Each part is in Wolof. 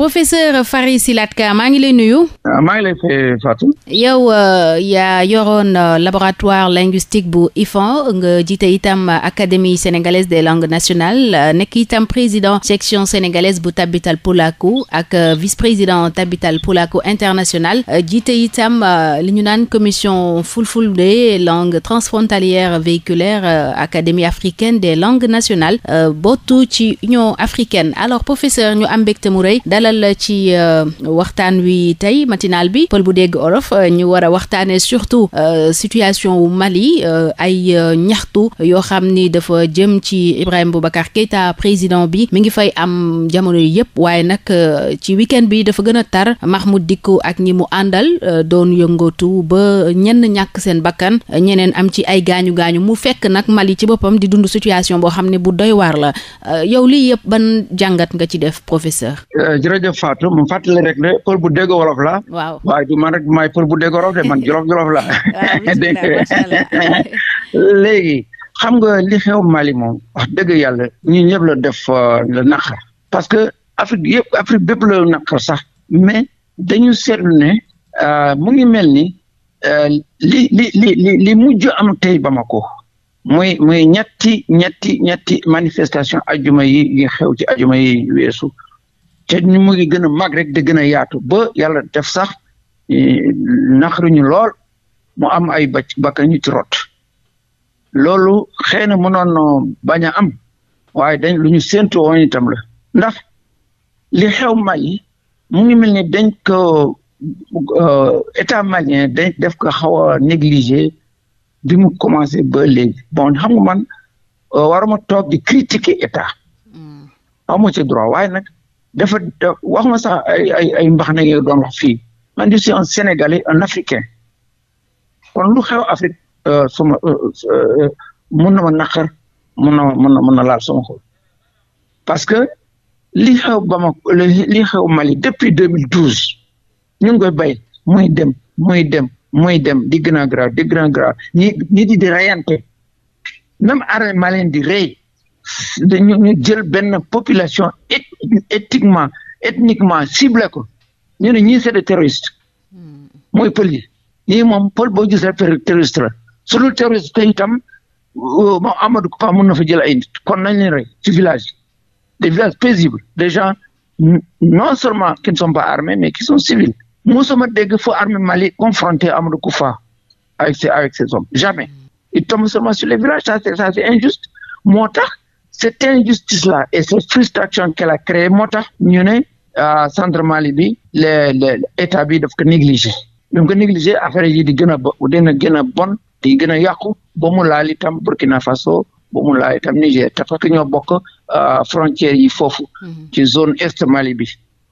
professeur Fary Silate Ka maa ngi ley nuyu. Ah, maa yow euh, yaa yoroon euh, laboratoire linguistique bu IFAN nga jiite itam académie sénégalaise des langue nationales euh, nekk itam président section sénégalaise bu Tabital Pulaku ak vice président Tabital Pulaku international jiite itam li ñu naan commission Fulfulde langue transfrontalière véhiculaire académie africaine des langues nationales bootu ci Union africaine alors professeur ñu am mbégte mu rëy dalal ci euh, waxtaan wi tey matinal bi pël bu dégg olof euh, ñu war a waxtaanee surtout euh, situation wu Mali ay ñaxtu yoo xam ni dafa jëm ci Ibrahima Boubacar Keïta président bi mi ngi fay am jamono yëpp waaye nag ci week-end bi dafa gën a tar Mahmoud Dicko ak ñi mu àndal doon yëngatu ba ñenn ñàkk seen bakkan ñeneen am ci ay gaañu gaañu mu fekk nag Mali ci boppam di dund situation boo xam ne bu doy waar la yow lii yëpp ban jàngat nga ci def professeur. de Fatou mu fàttali rek ne pël bu dégg wolof la. waaw waaye du may pël bu dégg wolof de man jolof jolof la. Ah, léegi xam nga li xew Mali moom wax dëgg yàlla ñun ñëpp la def euh, la naqar parce que Afrique yëpp Afrique bépp la naqar sax mais dañu seetlu ne euh, mu ngi mel ni euh, li li li mujj am tey Bamako muy muy ñetti ñetti ñetti manifestation ajuma yi yi xew ci ajuma yi weesu te ñu mu ngi gën a màgg rek di gën a yaatu ba yàlla def sax e, naxaruñu lool mu am ay bàcc bakkan ñu ci rot loolu xëy na mënoon bañ a am waaye dañ lu ñu séntu woon itam la ndax li xew Mali mu ngi mel ni dañ ko e, état malien dañ def ko xaw a négligé bi mu commencé ba léegi bon xam nga man e, waruma toog di critiquer état mm. amu ci droit waaye nag dafa waxuma sax ay ay ay mbax na wax fii man je en un en un kon lu xew Afrique euh, suma euh, euh, mun na ma naqar mun na mun na mun na laal sama parce que li xew Bamako li xew Mali depuis 2012 ñu ngi koy bay muy dem muy dem muy dem di gën a grave di gën ñi ñi di di reyante même armée malien di rey ñu ñu jël benn population ethniquement ethniquement ciblé ko ñu ne ñii c'est des terroristes hmm. mooy pël yi ñii moom pël boo gisee terroriste la su dul terroriste te itam euh, moom Amadou Ba na fa jël ay kon nañ leen rey ci village des villages paisibles des gens non seulement qui ne sont pas armés mais qui sont civils musuma dégg fo armée Mali confronté Amadou Koufa avec ses avec ses hommes jamais hmm. il tombe seulement sur les villages ça c'est injuste moo tax cette injustice la et cette frustration qu'elle a créée moo tax ñu ne centre euh, Mali bi le le état bi daf ko négligé bi mu ko négligé affaire yi di gën a ba dina gën a bon di gën a yàqu ba mu laal itam Burkina Faso ba mu laal itam Niger te fekk ñoo bokk euh, frontière yi foofu mm-hmm. ci zone est Mali bi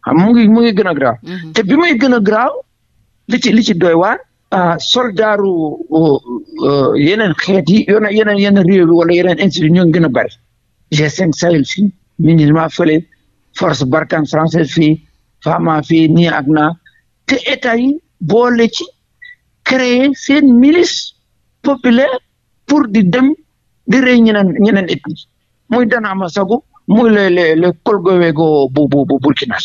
xam mu ngi mu ngi gën a graaw mm-hmm. te bi muy gën a graaw li ci li ci doy waar euh, soldaaru yeneen xeet yi yeneen yeneen réew bi wala yeneen institut ñoo gën a bari G5 Sahel fii MINUSMA fële force Barkhane française fii FAMA fii nii ak naa te état yi boole ci créer seen milice populaire pour di dem di rey ñeneen ñeneen ethnie muy Dana Masagu muy le le le Kolgowego bu bu bu Burkina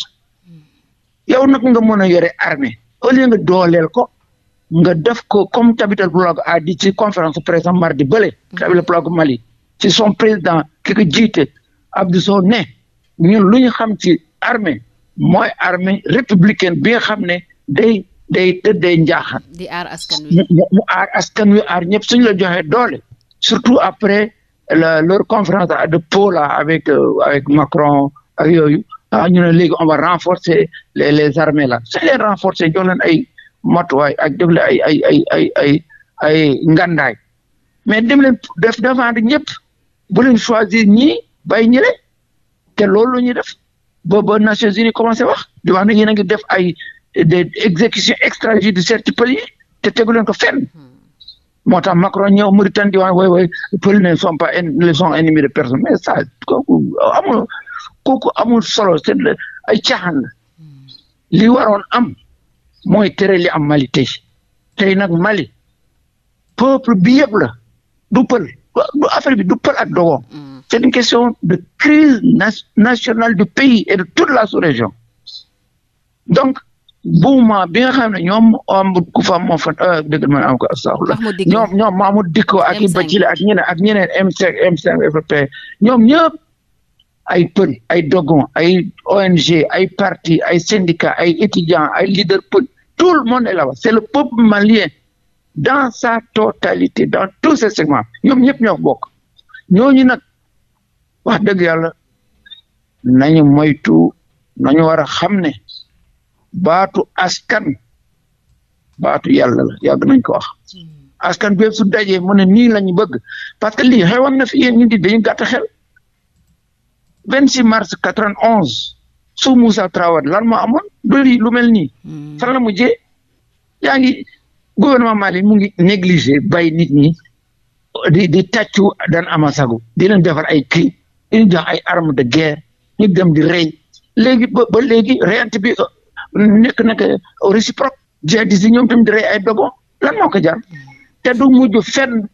yow nag nga mën a yore armée au lieu nga dooleel ko nga def ko comme Tabitha Blog a dit ci conférence par exemple mardi bële Tabitha Blog Mali ci son président ki ko jiite Abdou Sow ne ñun lu ñu xam ci armée mooy armée républicaine bi nga xam ne day day tëddee njaaxaan. di aar askan wi mu aar askan wi aar ñëpp suñu la joxe doole surtout après la leur conférence de Pau là avec euh, avec Macron ak yooyu ah, ñu ne léegi on va renforcer les les armées là suñ leen renforcer jox leen ay matuwaay ak jox ay ay ay ay ay ay ngandaay mais dem leen def devant ñëpp. bu leen choisir ñii bàyyi ñële te loolu la ñuy def ba ba Nations Unies commencé wax di wax ne yéen a ngi def ay des exécutions extrajudiciaires ci pël yi te tegu leen ko fen hmm. moo tax Macron ñëw Mauritanie di wax ne way way pël ne sont pas ne sont ennemis de personne mais ça kooku amul solo c'est ay caaxaan la hmm. li waroon am mooy tere li am Mali tey tey nag Mali peuple bi yëpp la du pël. du affaire bi du pël ak dogo. Mm. c'est question de crise nationale du pays et de toute la sous-région donc buuma bi nga xam ne ñoom Mahmoud Kufa moo fa euh, dëgg man am ko astaghfirullah ñoom ñoom Mahmoud Dicko ak i ak ñeneen ak ñeneen M5 ñoom ñëpp ay pël ay dogon ay ONG ay parti ay syndicat ay étudiants ay leader pël tout le monde est c'est le peuple malien dans sa totalité dans tous ces segments ñoom ñëpp ñoo bokk ñooñu nag wax dëgg yàlla nañu moytu nañu war a xam ne baatu askan baatu yàlla la yàgg nañ ko wax askan bépp su dajee mu ne la ñu bëgg parce que lii xewoon na fi yéen ñu gàtt xel vingt six mars quatre vingt onze su Moussa Traoré lan moo amoon du lu mel nii hmm. fan gouvernement Mali mu ngi négligé bay nit ñi di di tàccu daan amasagu di leen defar ay kii di jox ay armes de guerre ñu dem di rey léegi ba ba léegi reyante bi euh, nekk na que réciproque jihadiste yi ñoom tamit rey ay dogo lan moo ko jar te du mujj fenn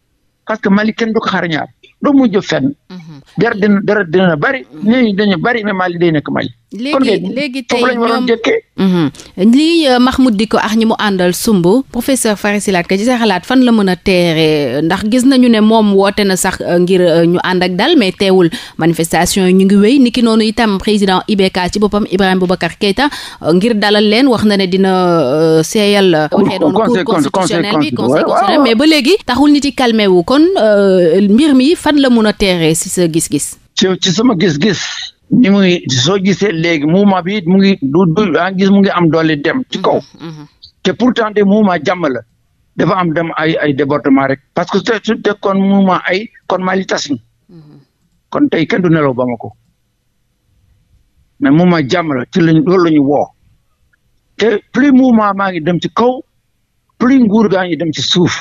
parce que Mali kenn du ko xaar ñaar du mujj fenn. Mm-hmm. dara dina dara dina bari mm-hmm. ñooñu Mali day nekk Mali. léegi léegi tey ñoom mhm. lii euh, Mahmoud ko ak ñi mu àndal sumb professeur Fary Silate Ka ci sa xalaat fan la mën a teere ndax gis nañu ne moom woote na sax euh, ngir euh, ñu ànd ak dal mais teewul manifestation yi ñu ngi wéy niki noonu itam président IBK ci boppam Ibrahima Boubacar Keïta ngir dalal leen wax na ne dina seeyal waxee doon cour constitutionnel bi conseil mais ba léegi taxul nit yi calmé wu kon mbir mi fan la mën a teere si sa gis-gis ci sama gis-gis ni muy soo gisee léegi mouvement bi mu ngi du du a gis mu ngi am doole dem ci kaw mm-hmm, mm-hmm. te pourtant de mouvement jàmm la dafa am dem ay ay débordement rek parce que su te kon mouvement ay kon Mali tas mm-hmm. kon tey kenn du nelaw Bamako mais mouvement jàmm la ci lañ loolu la woo te plus mouvement maa ngi dem ci kaw plus nguur gaa ngi dem ci suuf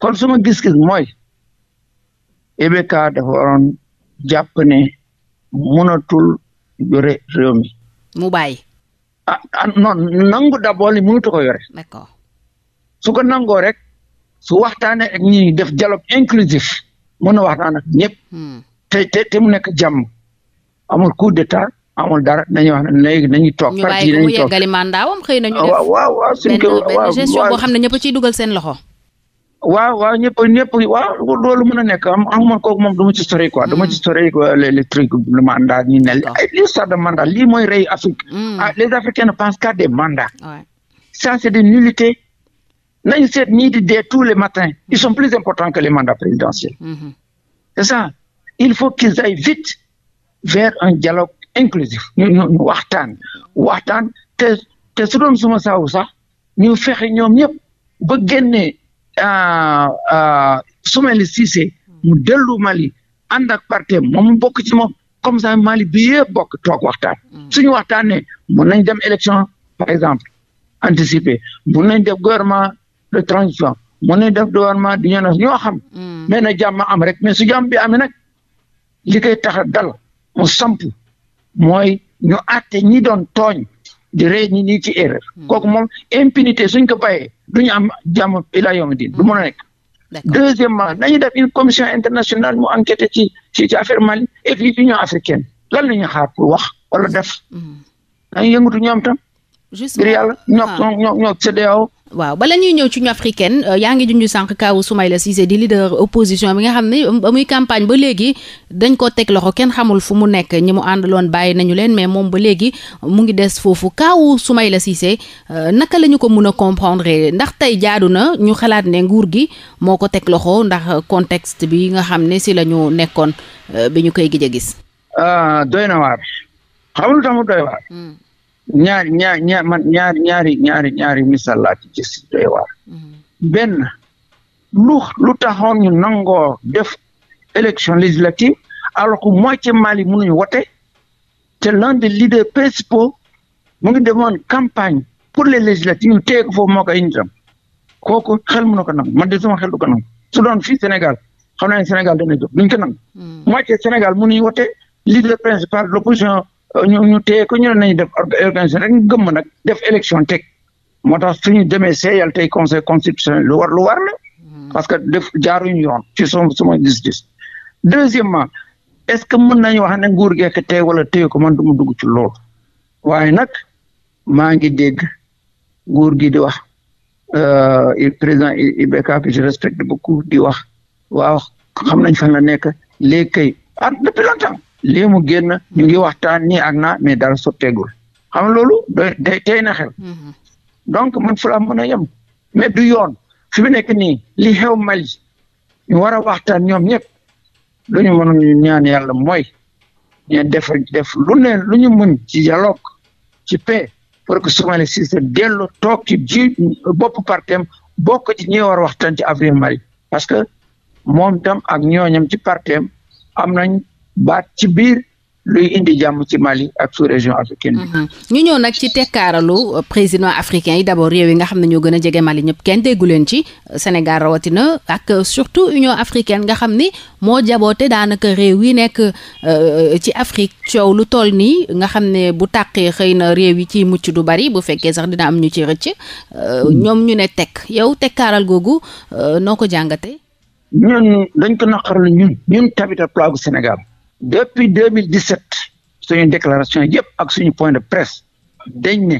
kon suma gis-gis mooy EBK dafa waroon jàpp mënatul yore réew mi. mu bàyyi. ah ah non nangu d'abord li mënatu ko yore. d'accord su ko nangoo rek su waxtaanee ak ñi def dialogue inclusif mën a waxtaan ak ñëpp. Hmm. te te te mu nekk jàmm amul coup d'état amul dara nañu wax ne léegi nañu toog. parti yi nañu toog ñu bàyyi ko mu yeggali mandaawam xëy na ñu ah, def. waaw waaw waaw xam ne ñëpp ciy dugal seen loxo. waaw waaw ñëpp ñëpp waaw loolu mën a nekk am am kooku moom du ma ci sori quoi du ma ci mm. sori l'électrique mandat ñu ne l'histoire de mandat lii mooy rey Afrique mm. ah, les Africains ne pensent qu'à des mandats ça c'est des nullités nañu seet ñii di dee tous les matins ils sont plus importants que les mandats présidentiels mm-hmm. c'est ça il faut qu'ils aillent vite vers un dialogue inclusif ñu ñu waxtaan waxtaan te te su doon suma saawu sax ñu fexe ñoom ñëpp ba Ah, ah, Soumaïla Cissé mu dellu Mali ànd ak parti moom mu bokk ci moom comme ça Mali bi yëpp bokk toog waxtaan. Mm. suñu waxtaanee mun nañ dem élection par exemple anticipé mun nañ def gouvernement de transition mun nañ def gouvernement du ñoo ñoo xam. mais mm. na jàmm am rek mais su jàmm bi amee nag li koy tax a dal mu samp mooy ñu ate ñi doon tooñ. di rey ñi ñi ci erreur hmm. kooku moom impunité suñ ko bàyyee duñu am jàmm ilaa yawmi din du hmm. mën a nekk deuxièmement nañu def une commission internationale mu enquêté ci ci ci affaire Mali et africaine lan la ñu xaar wala def hmm. nañu yëngatu ñoom tam ngir yàlla ñook ah. waaw bala ñuy ñëw ci ñu africaine euh, yaa ngi junj sànq kaawu Soumaïla Cissé di leader opposition bi nga xam ne ba muy campagne ba léegi dañ ko teg loxo kenn xamul fu mu nekk ñi mu àndaloon bàyyi nañu leen mais moom ba léegi mu ngi des foofu kaawu Soumaïla Cissé euh, naka lañu ko mun a comprendre ndax tey jaadu na ñu xalaat ne nguur gi moo ko teg loxo ndax contexte bi nga xam ne si la nekkoon euh, bi ñu koy gëj a gis. Ah, doy na ñaari ñaari ñaar man ñaari ñaari ñaari ñaari misaal laa ci gis doy waar mm-hmm. benn lu lu taxoon ñu nangoo def élection législative alors que moitié Mali mënuñu wote te l'un des leaders principaux mu ngi demoon campagne pour le législatives yu téye ko foofu moo ko indi tam kooku xel mën na ko xel du ko nangu Sénégal xam Sénégal dana jóg duñ mm. moitié Sénégal mënuñu wote leader principal de ñu ñu téye ko ñu ne nañu def organisation rek ñu nag def élection teg moo tax suñu demee seyal tey conseil constitutionnel lu war lu war la hmm. parce que def jaaruñu yoon ci sama sama gis-gis deuxièmement est-ce que mën nañu wax ne nguur geek tey wala téye ko man du mu dugg ci loolu waaye nag maa ngi dégg nguur gi di wax euh, président IBK que je respecte beaucoup di wax waaw xam nañ fan la nekk léegi kay ah depuis lii mu génn ñu ngi waxtaan nii ak naa mais dara sotteegul xam nga loolu day tey na xel mm-hmm. donc man fu la a yem mais du yoon fi mu nekk nii li xew Mali ñu war a waxtaan ñoom ñëpp lu ñu mënoon ñaan yàlla mooy ñu def def lu ne lu ñu mën ci dialogue ci paix pour que Soumaïla Cissé dellu toog ci ji bopp partem bokk ci ñi war a waxtaan ci avril Mali parce que moom tam ak ñooñam ci partem am nañ baat ci biir luy indi jàmm ci Mali ak sous région africaine mhm. ñu ñëw nag ci tekkaaralu président africain yi d' abord réew yi nga xam ne ñoo gën a jege Mali ñëpp kenn déggu leen ci Sénégal rawatina ak surtout Union africaine nga xam ni moo jaboote daanaka réew yi nekk euh, ci Afrique coow lu tool nii nga xam ne bu tàqee xëy na réew yi ci mucc du bari bu fekkee sax dina am ñu ci rëcc euh, mm. ñoom ñu ne tekk yow tekkaaral googu euh, noo ko jàngate ñun dañ ko naqarlu ñun ñun tamit plagu Sénégal. depuis 2017 suñu déclaration yëpp ak suñu point de presse dañ ne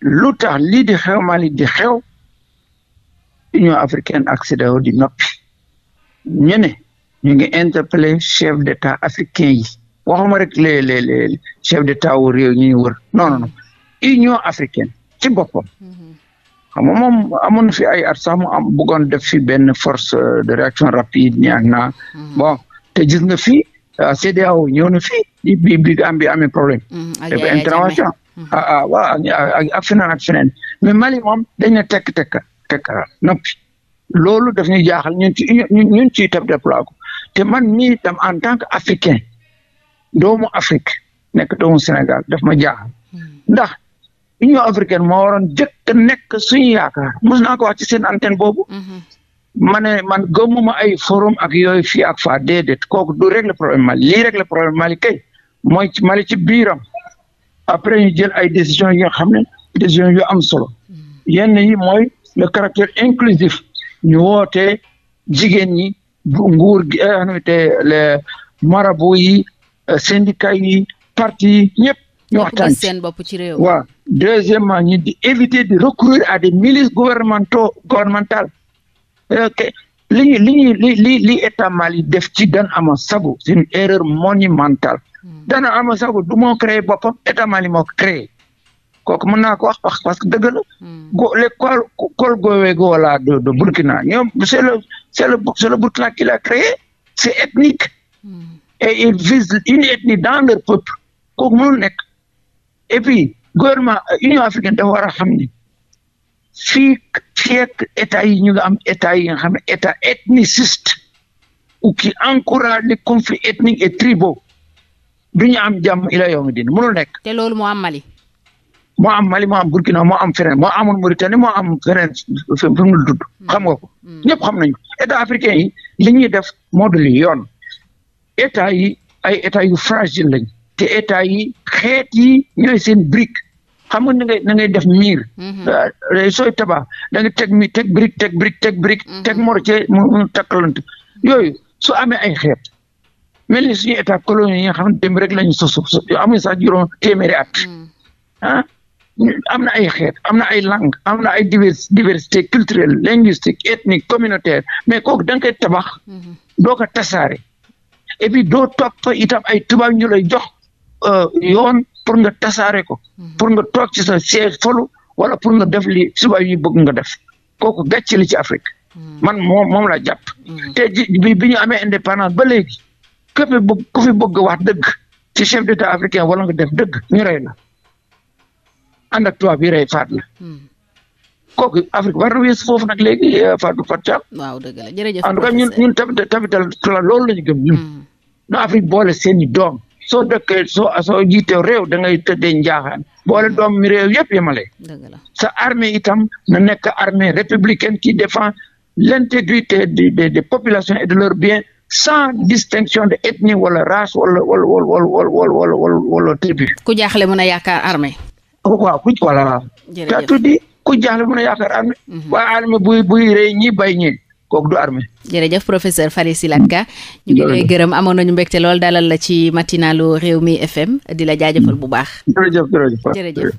lu tax lii di xew Mali di xew Union africaine ak CEDEAO di noppi ñu ne ñu ngi interpellé chef d' état africain yi waxuma rek le les les chef d' état wu réew ñu ñu Union africaine ci boppam. xam nga moom amoon na fi ay at sax am bëggoon def fi benn force de réaction rapide ñaag naa hmm. bon te gis nga fii. a ñëw na fii bi bi am bi problème. ak intervention ah ah waaw ak feneen ak Mali moom dañ ne tekk tekk tekk noppi loolu daf ñuy jaaxal ñun ñu ñun ci tab déploie ko te man mii tam en tant que africain doomu Afrique nekk doomu Sénégal daf ma jaaxal mm-hmm. ndax Union africaine moo waroon jëkk nekk suñu yaakaar mos naa ko wax ci antenne boobu. Mm-hmm. ma ne man gëmuma ay forum ak yooyu fii ak faa déedéet kooku du régler problème Mali lii régler problème Mali key mooy Mali ci biiram après ñu jël ay décision yi nga xam ne décision yu am solo yenn yi mooy le caractère inclusif ñu wootee jigéen ñi nguur gi te le marabo yi euh, syndicat yi parti yi ñëpp ñu waxtaan seen bopp ci réew waaw deuxièmement ñu di éviter de recourir à des milices gouvernementaux Euh, li ñu li ñu li état Mali def ci Dan Amasabo c'est une erreur monumentale hmm. Dan Amasabo du moo créé boppam état Mali moo créé kooku mën naa ko wax wax parce que dëgg la hmm. go les col col de Burkina ñoom le Burkina qui créé c'est ethnique hmm. et il vise une ethnie dans leur peuple kooku mënul nekk et puis gouvernement Union africaine dafa war a xam ni fii fii ak état ñu ga am état yi xam ne état ethniciste ou qui encourage les et tribaux du ñu am jàmm ila yow mi dina mënul nekk. te loolu moo am Mali. moo am Mali moo am Burkina moo am feneen moo amul Mauritanie moo am feneen fi mu dudd. Hmm. xam nga ko hmm. ñëpp xam nañu état africain yi li def moo dul yoon état yi ay état yu fragile lañ te état yi xeet yi ñooy sen brique. xam nga na ngay na ngay def miir. Mhm. sooy tabax da teg mi teg brique teg brique teg brique. Mhm. teg mortier mu yooyu su amee ay xeet. mel ni suñu état colonie yi nga xam ne démb rek lañu sosu amuñu sax juróom téeméeri at. Mhm. ah am na ay xeet am na ay langue am na ay divers diversité culturelle linguistique ethnique communautaire mais kooku da koy tabax. doo ko tasaare. et puis doo topp itam ay tubaab ñu lay jox euh, yoon. pour nga tasaaree ko mhm. pour nga toog ci sa siège folu wala pour nga def li suba yi bëgg nga def kooku gàcce li ci Afrique mhm. man moom moom laa jàpp mhm. te bi bi ñu amee indépendance ba léegi képp bëgg ku fi bëgg wax dëgg ci de ta africain wala nga def dëgg ñu rey la ànd ak tubaab yi rey faat la kooku Afrique war na weesu foofu nag léegi euh, Fatou Fatou waaw dëgg la jërëjëf en tout cas ñun ñun tamit loolu la ñu gëm ñun na Afrique boole seen i doom soo dëkkee soo soo jiitee réew da ngay tëddee njaaxaan boole doomu réew yëpp yemale sa armée itam na nekk armée républicaine qui défend l'intégrité des des des et de leurs biens sans distinction de ethnie wala race wala wala wala wala wala wala tribu. ku jaaxle mën a yaakaar armée. Oh, waaw ku voilà. jërëjëf tout dit ku jaaxle a yaakaar armée. Mhm. waa armée buy buy rey ñi bay ñi. kooku du armée. jërëjëf professeur Fary Silate Ka ñu ngi lay gërëm amoon nañu lool dalal la ci matinalu réew mi FM di la jaajëfal mm. bu baax. jërëjëf jërëjëf.